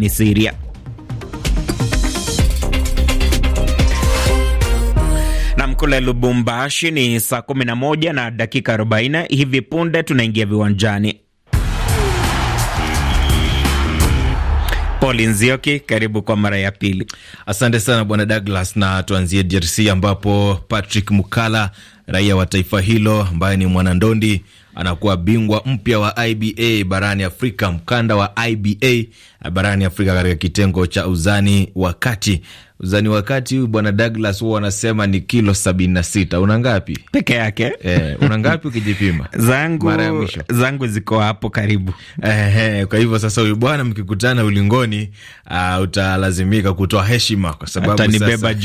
nchini Syria. kule Lubumbashi ni saa 11 na dakika 40. Hivi punde tunaingia viwanjani. Paul Nzioki, karibu kwa mara ya pili. Asante sana bwana Douglas, na tuanzie DRC ambapo Patrick Mukala, raia wa taifa hilo ambaye ni mwanandondi anakuwa bingwa mpya wa IBA barani Afrika, mkanda wa IBA barani Afrika katika kitengo cha uzani wa kati zani wakati huyu bwana Douglas huwa wanasema ni kilo sabini na sita. Una ngapi peke yake? Eh, una ngapi ukijipima? zangu mara ya mwisho zangu ziko hapo karibu. eh, kwa hivyo sasa huyu bwana mkikutana ulingoni, uh, utalazimika kutoa heshima kwa sababu atanibeba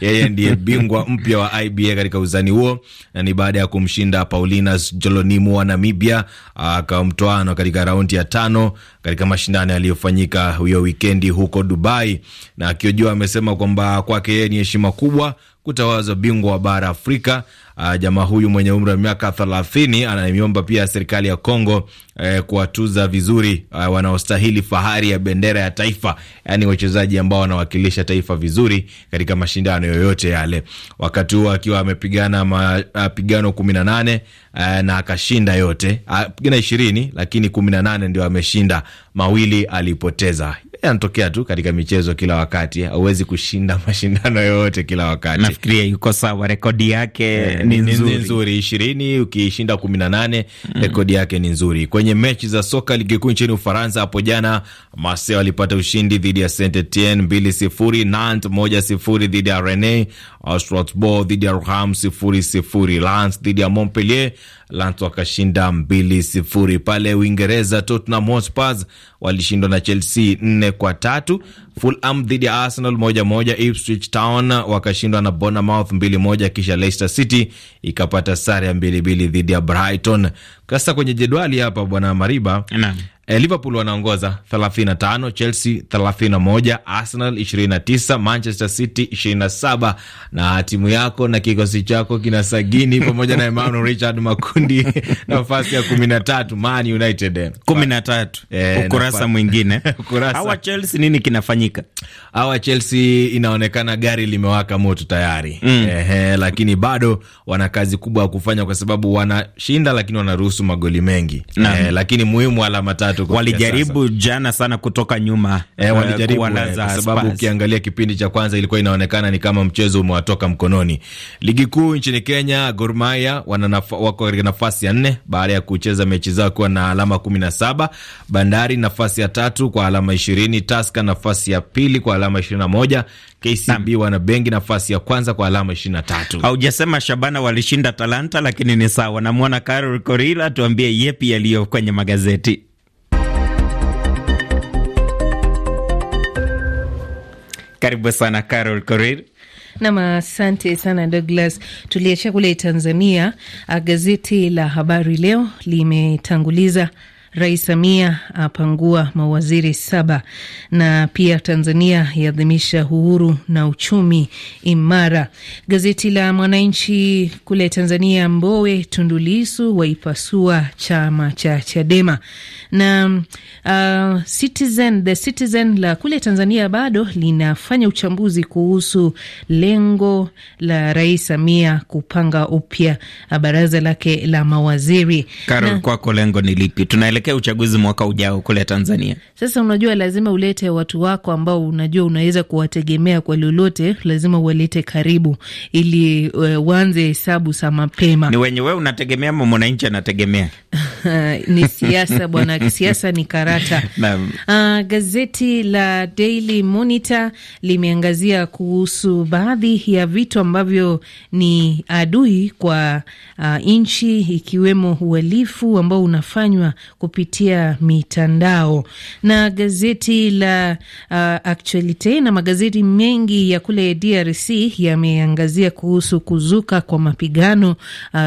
Yeye ndiye bingwa mpya wa IBA katika uzani huo, na ni baada ya kumshinda Paulinas Jolonimu wa Namibia ah, akamtoano uh, katika raundi ya tano katika mashindano yaliyofanyika huyo wikendi huko Dubai, na akiojua amesema kwamba kwake yeye ni heshima kubwa kutawazwa bingwa wa bara Afrika Uh, jamaa huyu mwenye umri wa miaka thelathini anaiomba pia serikali ya Kongo uh, kuwatuza vizuri uh, wanaostahili fahari ya bendera ya taifa, yani wachezaji ambao wanawakilisha taifa vizuri katika mashindano yoyote yale. Wakati huo akiwa amepigana mapigano ah, kumi na nane eh, na akashinda yote, apigana ishirini lakini kumi na nane ndio ameshinda, mawili alipoteza yanatokea tu katika michezo kila wakati, hauwezi kushinda mashindano yoyote kila wakati. Nafikiria yuko sawa, rekodi yake e, ni nzuri ishirini, ukishinda kumi na nane mm. rekodi yake ni nzuri. Kwenye mechi za soka ligi kuu nchini Ufaransa hapo jana, Marseille walipata ushindi dhidi ya Saint Etienne mbili sifuri, Nantes moja sifuri dhidi ya Rennes, Strasbourg dhidi ya Roham sifuri sifuri, Lens dhidi ya Montpellier Lans wakashinda mbili sifuri. Pale Uingereza, Tottenham Hotspur walishindwa na Chelsea nne kwa tatu. Fulham dhidi ya Arsenal moja moja, Ipswich Town wakashindwa na Bournemouth mbili moja, kisha Leicester City ikapata sare ya mbili mbili dhidi ya Brighton. Sasa kwenye jedwali hapa, bwana Mariba E, Liverpool wanaongoza 35, Chelsea 31, Arsenal 29, Manchester City 27, na timu yako na kikosi chako kina Sagini pamoja na Emmanuel Richard Makundi nafasi ya 13, Man United 13, eh, eh ukurasa mwingine Hawa Chelsea nini kinafanyika? Hawa Chelsea inaonekana gari limewaka moto tayari mm. Eh, lakini bado wana kazi kubwa ya kufanya kwa sababu wanashinda, lakini wanaruhusu magoli mengi e, lakini muhimu alama tatu walijaribu jana sana kutoka nyuma e, walijaribu eh, sababu ukiangalia kipindi cha kwanza ilikuwa inaonekana ni kama mchezo umewatoka mkononi. Ligi kuu nchini Kenya, Gor Mahia wako katika nafasi ya nne baada ya kucheza mechi zao kuwa na alama kumi na saba. Bandari nafasi ya tatu kwa alama ishirini. Taska nafasi ya pili kwa alama ishirini na moja. KCB wana benki nafasi ya kwanza kwa alama ishirini na tatu. Haujasema Shabana walishinda Talanta, lakini ni sawa. Namwona Karol Korila, tuambie yepi yaliyo kwenye magazeti. Karibu sana Carol Korir. Nam, asante sana Douglas. Tuliachia kule Tanzania. Ah, gazeti la Habari Leo limetanguliza Rais Samia apangua mawaziri saba, na pia Tanzania yaadhimisha uhuru na uchumi imara. Gazeti la Mwananchi kule Tanzania, Mbowe Tundulisu waipasua chama cha Chadema na uh, Citizen, The Citizen la kule Tanzania bado linafanya uchambuzi kuhusu lengo la Rais Samia kupanga upya uh, baraza lake la mawaziri. Karol, kwako lengo ni lipi? Tunaelekea uchaguzi mwaka ujao kule Tanzania. Sasa unajua, lazima ulete watu wako ambao unajua unaweza kuwategemea kwa lolote, lazima uwalete karibu ili uanze uh, hesabu za mapema. Ni wenye wewe unategemea ama mwananchi anategemea? Ni siasa bwana kisiasa ni karata. Uh, gazeti la Daily Monitor limeangazia kuhusu baadhi ya vitu ambavyo ni adui kwa uh, nchi ikiwemo uhalifu ambao unafanywa kupitia mitandao. Na gazeti la uh, ah, Actualite na magazeti mengi ya kule DRC yameangazia kuhusu kuzuka kwa mapigano uh,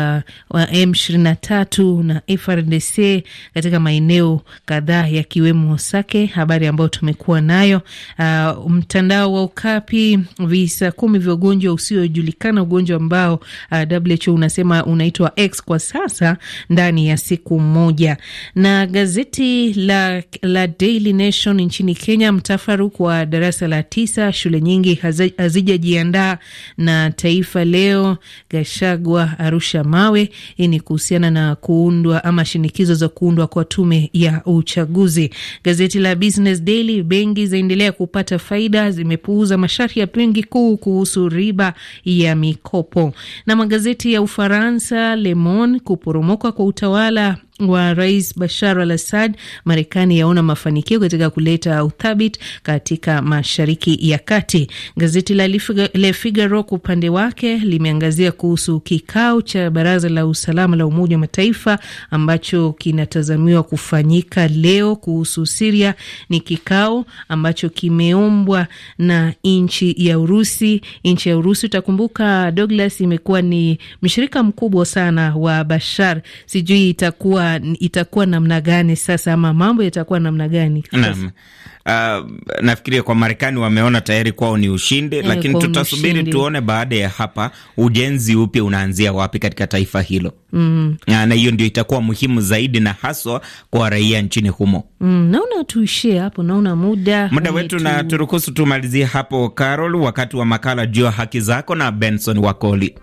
wa M23 na FRDC katika maeneo maeneo kadhaa yakiwemo Sake, habari ambayo tumekuwa nayo. Uh, mtandao wa Ukapi, visa kumi vya ugonjwa usiojulikana, ugonjwa ambao uh, WHO unasema unaitwa X kwa sasa, ndani ya siku moja. Na gazeti la, la Daily Nation nchini Kenya, mtafaruku wa darasa la tisa, shule nyingi hazijajiandaa na Taifa Leo, Gashagwa arusha mawe. Hii ni kuhusiana na kuundwa ama shinikizo za kuundwa kwa tume ya uchaguzi. Gazeti la Business Daily, benki zaendelea kupata faida, zimepuuza masharti ya benki kuu kuhusu riba ya mikopo. Na magazeti ya Ufaransa, Le Monde, kuporomoka kwa utawala wa Rais Bashar al Assad, Marekani yaona mafanikio katika kuleta uthabiti katika mashariki ya kati. Gazeti la Le Figaro kwa upande wake limeangazia kuhusu kikao cha baraza la usalama la Umoja wa Mataifa ambacho kinatazamiwa kufanyika leo kuhusu Siria. Ni kikao ambacho kimeombwa na nchi ya Urusi. Nchi ya Urusi, utakumbuka Douglas, imekuwa ni mshirika mkubwa sana wa Bashar. Sijui itakuwa itakuwa itakuwa namna gani sasa, ama mambo yatakuwa namna gani? uh, nafikiria kwa Marekani wameona tayari kwao ni ushindi yeah, lakini tutasubiri ushindi, tuone baada ya hapa ujenzi upya unaanzia wapi katika taifa hilo mm. Ah, na hiyo ndio itakuwa muhimu zaidi na haswa kwa raia nchini humo mm. Naona tuishie hapo, naona muda muda wetu na turuhusu tumalizie hapo Carol, wakati wa makala juu ya haki zako na Benson Wakoli.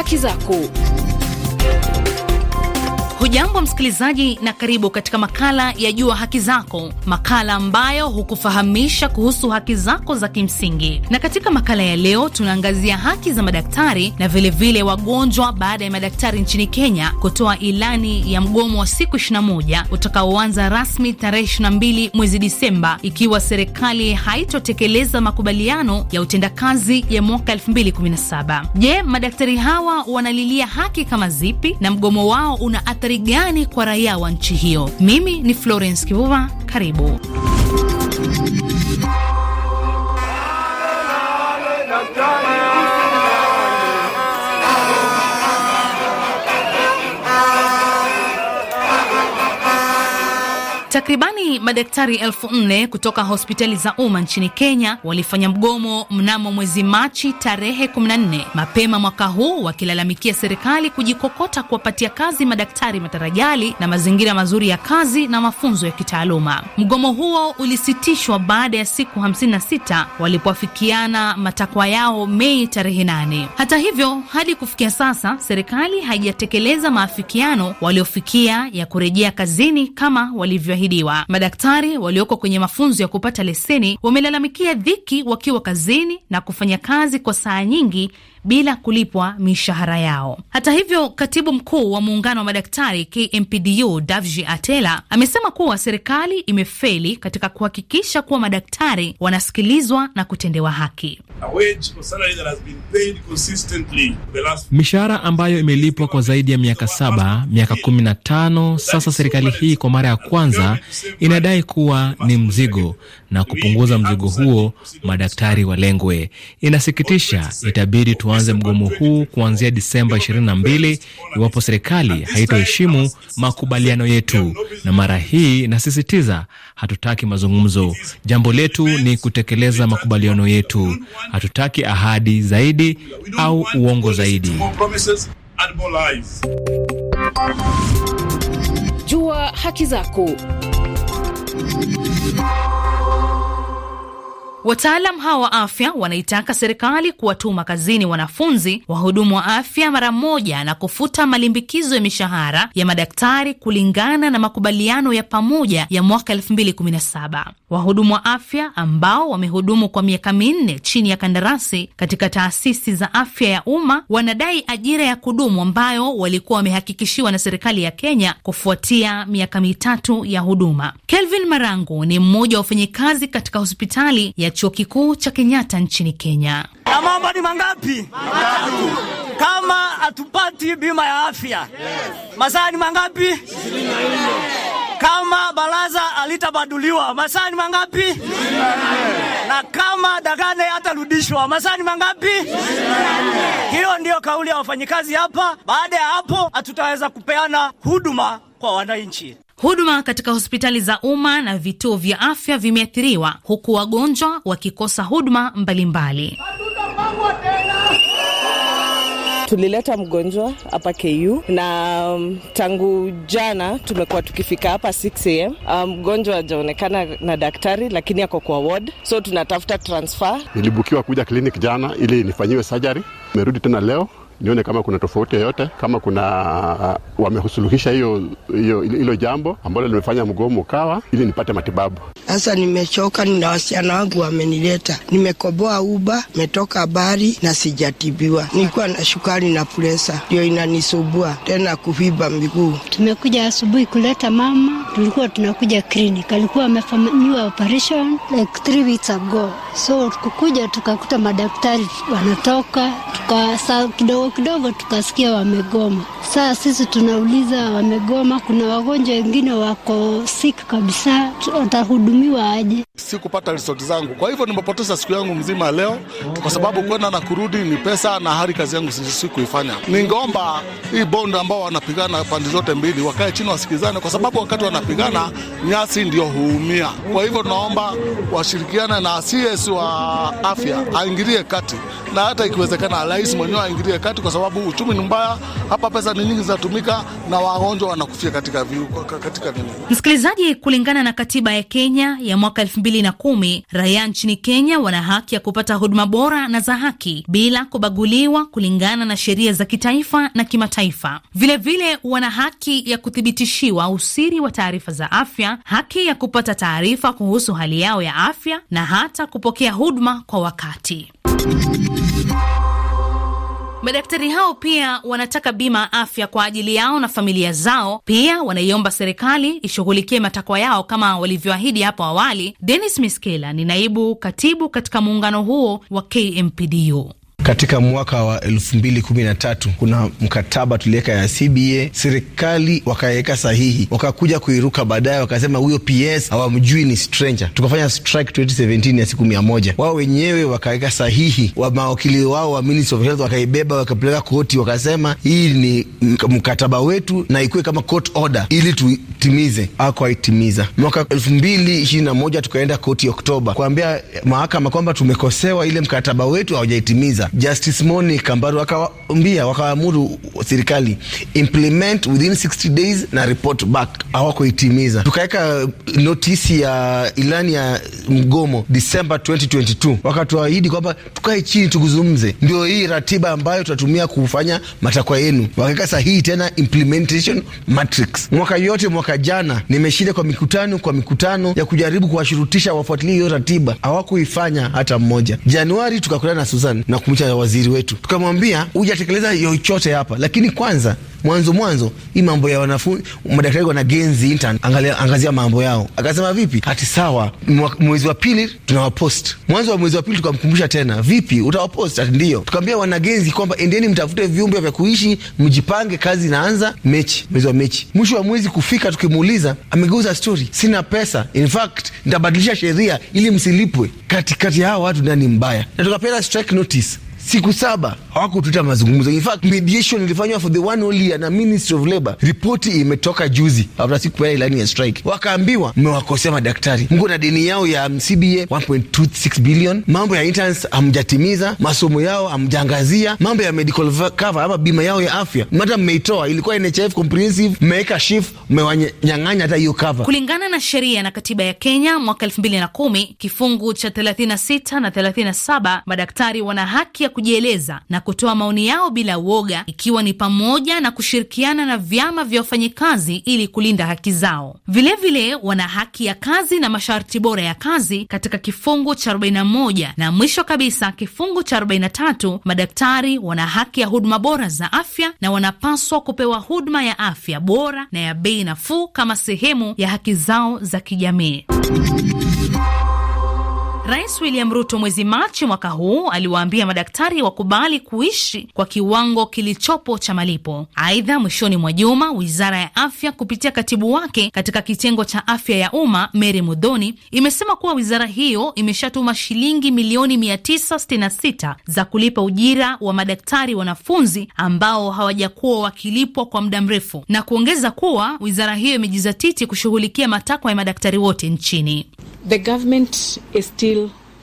haki zako. Hujambo msikilizaji, na karibu katika makala ya Jua Haki Zako, makala ambayo hukufahamisha kuhusu haki zako za kimsingi. Na katika makala ya leo tunaangazia haki za madaktari na vilevile wagonjwa, baada ya madaktari nchini Kenya kutoa ilani ya mgomo wa siku 21 utakaoanza rasmi tarehe 22 mwezi Disemba ikiwa serikali haitotekeleza makubaliano ya utendakazi ya mwaka 2017. Je, madaktari hawa wanalilia haki kama zipi na mgomo wao una athari athari gani kwa raia wa nchi hiyo? Mimi ni Florence Kivuva, karibu Takriban Takribani madaktari elfu nne kutoka hospitali za umma nchini Kenya walifanya mgomo mnamo mwezi Machi tarehe 14 mapema mwaka huu, wakilalamikia serikali kujikokota kuwapatia kazi madaktari matarajali na mazingira mazuri ya kazi na mafunzo ya kitaaluma. Mgomo huo ulisitishwa baada ya siku 56 walipoafikiana matakwa yao Mei tarehe 8. Hata hivyo, hadi kufikia sasa serikali haijatekeleza maafikiano waliofikia ya kurejea kazini kama walivyoahidiwa. Madaktari walioko kwenye mafunzo ya kupata leseni wamelalamikia dhiki wakiwa kazini na kufanya kazi kwa saa nyingi bila kulipwa mishahara yao. Hata hivyo, katibu mkuu wa muungano wa madaktari KMPDU Davji Atela amesema kuwa serikali imefeli katika kuhakikisha kuwa madaktari wanasikilizwa na kutendewa haki. Mishahara ambayo imelipwa kwa zaidi ya miaka saba, miaka kumi na tano sasa, serikali hii kwa mara ya kwanza inadai kuwa ni mzigo, na kupunguza mzigo huo madaktari walengwe. Inasikitisha, itabidi tu tuanze mgomo huu kuanzia Disemba 22 iwapo serikali haitoheshimu makubaliano yetu. Na mara hii nasisitiza, hatutaki mazungumzo. Jambo letu ni kutekeleza makubaliano yetu. Hatutaki ahadi zaidi au uongo zaidi. Jua haki zako. Wataalam hawa wa afya wanaitaka serikali kuwatuma kazini wanafunzi wahudumu wa afya mara moja na kufuta malimbikizo ya mishahara ya madaktari kulingana na makubaliano ya pamoja ya mwaka 2017. Wahudumu wa afya ambao wamehudumu kwa miaka minne chini ya kandarasi katika taasisi za afya ya umma wanadai ajira ya kudumu ambayo walikuwa wamehakikishiwa na serikali ya Kenya kufuatia miaka mitatu ya huduma. Kelvin Marangu ni mmoja wa wafanyikazi katika hospitali ya chuo kikuu cha Kenyatta nchini Kenya. Na mambo ni mangapi? Matatu. Kama hatupati bima ya afya yes. Masaa ni mangapi? Kama baraza alitabaduliwa masaa ni mangapi? Na kama Dagane atarudishwa masaa ni mangapi? Hiyo ndiyo kauli ya wafanyikazi hapa. Baada ya hapo hatutaweza kupeana huduma kwa wananchi. Huduma katika hospitali za umma na vituo vya afya vimeathiriwa huku wagonjwa wakikosa huduma mbalimbali. Tulileta mgonjwa hapa KU na um, tangu jana tumekuwa tukifika hapa 6 am. Um, mgonjwa um, hajaonekana na daktari, lakini ako kwa ward, so tunatafuta transfer. Nilibukiwa kuja clinic jana ili nifanyiwe surgery, merudi tena leo nione kama kuna tofauti yoyote, kama kuna uh, wamehusuluhisha hiyo hiyo hilo jambo ambalo limefanya mgomo ukawa, ili nipate matibabu. Sasa nimechoka, nina wasichana wangu wamenileta, nimekoboa uba, metoka bari na sijatibiwa. Nilikuwa na shukari na presa, ndio inanisubua tena kuvimba miguu. Tumekuja asubuhi kuleta mama, tulikuwa tunakuja klinik, alikuwa amefanyiwa operation like three weeks ago, so kukuja tukakuta madaktari wanatoka tukasaa kidogo kidogo, tukasikia wamegoma. Saa sisi tunauliza wamegoma, kuna wagonjwa wengine wako sik kabisa, watahudumiwa aje? si kupata risoti zangu, kwa hivyo nimepoteza siku yangu mzima leo, kwa sababu kwenda na kurudi ni pesa na hali kazi yangu si kuifanya Ningeomba hii bondi ambao wanapigana pande zote mbili wakae chini, wasikizane, kwa sababu wakati wanapigana nyasi ndio huumia. Kwa hivyo tunaomba washirikiane na CS wa afya aingilie kati na hata ikiwezekana rais mwenyewe aingilie kati, kwa sababu uchumi ni mbaya hapa, pesa ni nyingi zinatumika na wagonjwa wanakufia katika viu, katika nini. Msikilizaji, kulingana na katiba ya Kenya ya mwaka elfu mbili na kumi raia nchini Kenya wana haki ya kupata huduma bora na za haki bila kubaguliwa kulingana na sheria za kitaifa na kimataifa. Vilevile wana haki ya kuthibitishiwa usiri wa taarifa za afya, haki ya kupata taarifa kuhusu hali yao ya afya na hata kupokea huduma kwa wakati. Madaktari hao pia wanataka bima ya afya kwa ajili yao na familia zao. Pia wanaiomba serikali ishughulikie matakwa yao kama walivyoahidi hapo awali. Denis Miskela ni naibu katibu katika muungano huo wa KMPDU. Katika mwaka wa elfu mbili kumi na tatu kuna mkataba tuliweka ya CBA, serikali wakaweka sahihi, wakakuja kuiruka baadaye, wakasema huyo PS hawamjui ni stranger. Tukafanya strike 2017 ya siku mia moja, wao wenyewe wakaweka sahihi, wa mawakili wao wa Ministry of Health wakaibeba, wakapeleka koti, wakasema hii ni mkataba wetu na ikuwe kama court order ili tutimize. Akwaitimiza mwaka elfu mbili ishirini na moja tukaenda koti Oktoba kuambia mahakama kwamba tumekosewa, ile mkataba wetu haujaitimiza Justice Monica Mbaru wakawaambia wakawaamuru serikali implement within 60 days na report back. Hawakuitimiza, tukaweka notisi ya ilani ya mgomo December 2022, wakatuahidi kwamba tukae chini tuguzumze, ndio hii ratiba ambayo tutatumia kufanya matakwa yenu. Wakaweka sahihi tena implementation matrix. Mwaka yote mwaka jana nimeshinda kwa mikutano kwa mikutano ya kujaribu kuwashurutisha wafuatilie hiyo ratiba, hawakuifanya hata mmoja. Januari tukakutana na Susan na cha waziri wetu, tukamwambia hujatekeleza yochote hapa, lakini kwanza mwanzo mwanzo hii mambo ya wanafunzi madaktari wana genzi intern, angalia angazia mambo yao. Akasema vipi, hati sawa, mwezi wa pili tunawapost. Mwanzo wa mwezi wa pili tukamkumbusha tena, vipi utawapost? Ati ndio. Tukamwambia wanagenzi kwamba endeni mtafute vyumba vya kuishi, mjipange, kazi inaanza mechi, mwezi wa mechi. Mwisho wa mwezi kufika, tukimuuliza amegeuza stori, sina pesa, in fact nitabadilisha sheria ili msilipwe. Katikati ya hawa watu nani mbaya? Na tukapeana strike notice siku saba hawakututa mazungumzo. In fact, mediation ilifanywa for the one only na Ministry of Labor. Ripoti imetoka juzi after siku ya ilani ya strike, wakaambiwa mmewakosea madaktari, mko na deni yao ya CBA 1.26 billion, mambo ya interns hamjatimiza, masomo yao hamjaangazia, mambo ya medical cover ama bima yao ya afya mata mmeitoa, ilikuwa NHIF comprehensive, mmeweka SHIF, mmewanyang'anya hata hiyo cover. Kulingana na sheria na katiba ya Kenya mwaka 2010 kifungu cha 36 na 37, madaktari wana haki ya kujieleza na kutoa maoni yao bila uoga, ikiwa ni pamoja na kushirikiana na vyama vya wafanyikazi ili kulinda haki zao. Vilevile vile, wana haki ya kazi na masharti bora ya kazi katika kifungu cha 41 na mwisho kabisa kifungu cha 43. Madaktari wana haki ya huduma bora za afya na wanapaswa kupewa huduma ya afya bora na ya bei nafuu kama sehemu ya haki zao za kijamii. Rais William Ruto mwezi Machi mwaka huu aliwaambia madaktari wakubali kuishi kwa kiwango kilichopo cha malipo. Aidha, mwishoni mwa juma wizara ya afya kupitia katibu wake katika kitengo cha afya ya umma Mary Mudhoni imesema kuwa wizara hiyo imeshatuma shilingi milioni 966 za kulipa ujira wa madaktari wanafunzi ambao hawajakuwa wakilipwa kwa muda mrefu, na kuongeza kuwa wizara hiyo imejizatiti kushughulikia matakwa ya madaktari wote nchini. The government is still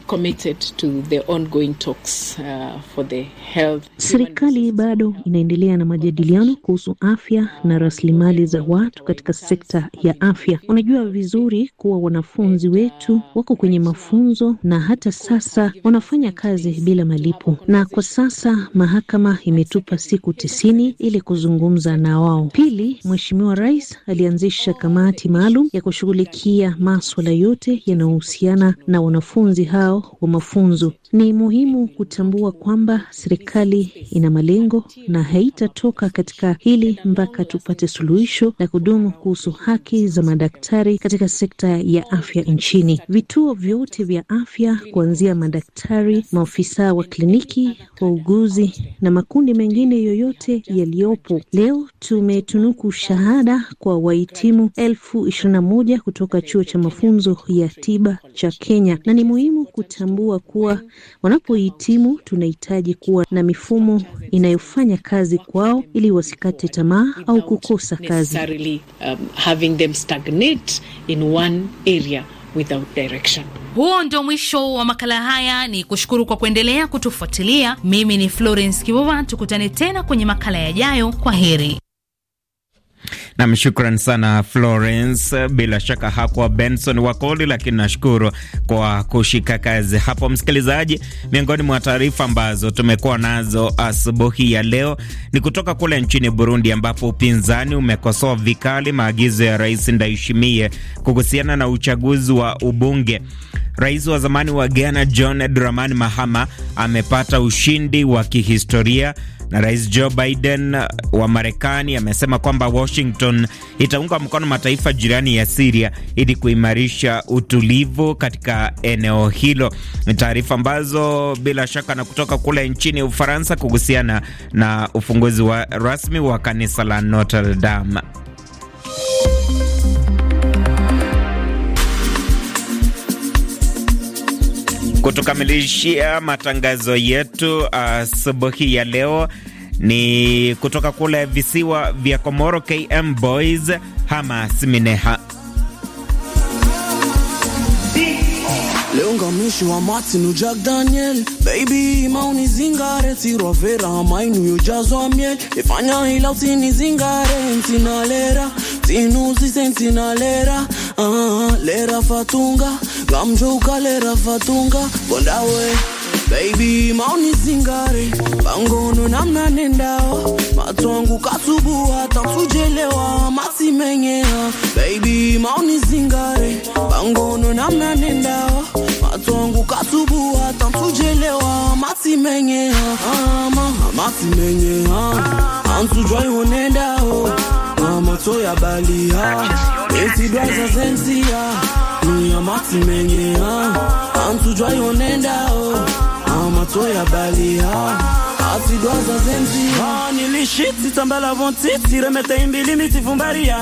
committed to the ongoing talks, uh, for the health. Serikali bado inaendelea na majadiliano kuhusu afya na rasilimali za watu katika sekta ya afya. Unajua vizuri kuwa wanafunzi wetu wako kwenye mafunzo na hata sasa wanafanya kazi bila malipo, na kwa sasa mahakama imetupa siku tisini ili kuzungumza na wao. Pili, Mheshimiwa Rais alianzisha kamati maalum ya kushughulikia maswala yote yanayohusiana na wanafunzi hao mtandao wa mafunzo. Ni muhimu kutambua kwamba serikali ina malengo na haitatoka katika hili mpaka tupate suluhisho la kudumu kuhusu haki za madaktari katika sekta ya afya nchini. Vituo vyote vya afya kuanzia madaktari, maofisa wa kliniki, wauguzi na makundi mengine yoyote yaliyopo leo, tumetunuku shahada kwa wahitimu elfu ishirini na moja kutoka chuo cha mafunzo ya tiba cha Kenya na ni muhimu tunatambua kuwa wanapohitimu, tunahitaji kuwa na mifumo inayofanya kazi kwao ili wasikate tamaa au kukosa kazi. Um, Huo ndio mwisho wa makala haya. Ni kushukuru kwa kuendelea kutufuatilia. Mimi ni Florence Kibuva, tukutane tena kwenye makala yajayo. Kwa heri. Nam, shukran sana Florence. Bila shaka hakuwa Benson Wakoli, lakini nashukuru kwa kushika kazi hapo. Msikilizaji, miongoni mwa taarifa ambazo tumekuwa nazo asubuhi ya leo ni kutoka kule nchini Burundi, ambapo upinzani umekosoa vikali maagizo ya Rais Ndayishimiye kuhusiana na uchaguzi wa ubunge. Rais wa zamani wa Ghana John Dramani Mahama amepata ushindi wa kihistoria na Rais Joe Biden wa Marekani amesema kwamba Washington itaunga mkono mataifa jirani ya Siria ili kuimarisha utulivu katika eneo hilo. Ni taarifa ambazo bila shaka na kutoka kule nchini Ufaransa kuhusiana na ufunguzi wa rasmi wa kanisa la Notre Dame. kutukamilishia matangazo yetu uh, asubuhi uh, ya leo ni kutoka kule visiwa vya Komoro, KM Boys Hamas Mineha wa Jack Daniel baby mauni zingare mainu ifanya zingare ah, lera fatunga ngamtsho ukhalera fatunga kondawe beibi maunizingare pangono namnanendawa matwangu katsubuwa tatsujelewa matsimenyeha beibi maunizingare pangono namnanendawa matwangu katsubuwa tatsujelewa matsimenyeha ama matsimenyeha antsujwaiwonendawo mamatsoyabaliha etsidwazazensiya Miyamati mengi Antujwa yonenda Amatoya bali Atidwaza zemzi Nilishiti tambala vontiti Remete imbili mitifumbaria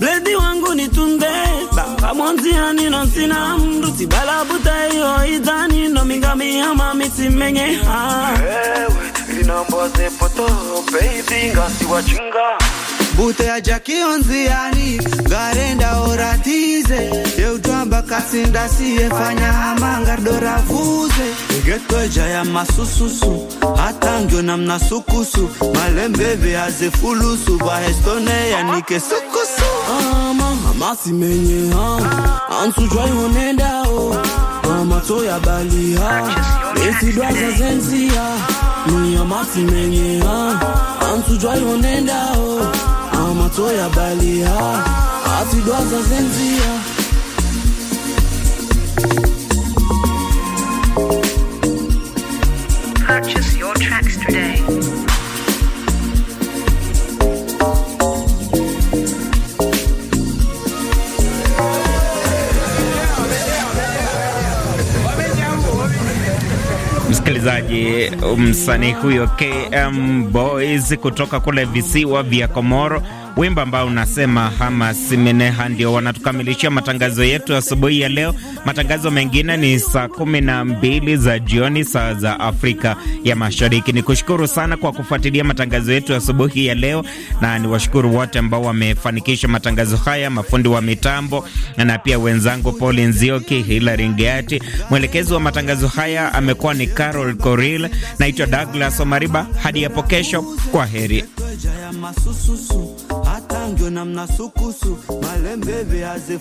Bledi wangu nitunde Bamba mwanzia nino sina mdu Tibala buta iyo idani No mingami mengi Ewe, linamboze Baby, ngasi wachunga bute Butea jakionziani garenda oratize yeutwamba kasindasiye fanya hamanga doravuze igetweja ya masususu hatangyo namna sukusu malembeve azefulusu vahestone yanike sukusu ah, mama masimenye ha ah, ansujwaihonendao oh. amato ya baliha ah, esidwaza zenziya niya masimenye ha ansujwaihonendao oh amatoya balia afidwaza zenzia Purchase your tracks today. Msikilizaji, msanii huyo KM Boys kutoka kule visiwa vya Komoro wimbo ambao unasema Hamas Meneha. Ndio wanatukamilishia matangazo yetu asubuhi ya leo. Matangazo mengine ni saa kumi na mbili za jioni, saa za Afrika ya Mashariki. Ni kushukuru sana kwa kufuatilia matangazo yetu asubuhi ya leo, na ni washukuru wote ambao wamefanikisha matangazo haya, mafundi wa mitambo na pia wenzangu Paul Nzioki, Hilary Ngeati. Mwelekezi wa matangazo haya amekuwa ni Carol Koril. Naitwa Douglas Omariba. Hadi hapo kesho, kwa heri atangyo namna sukusu malembeve aze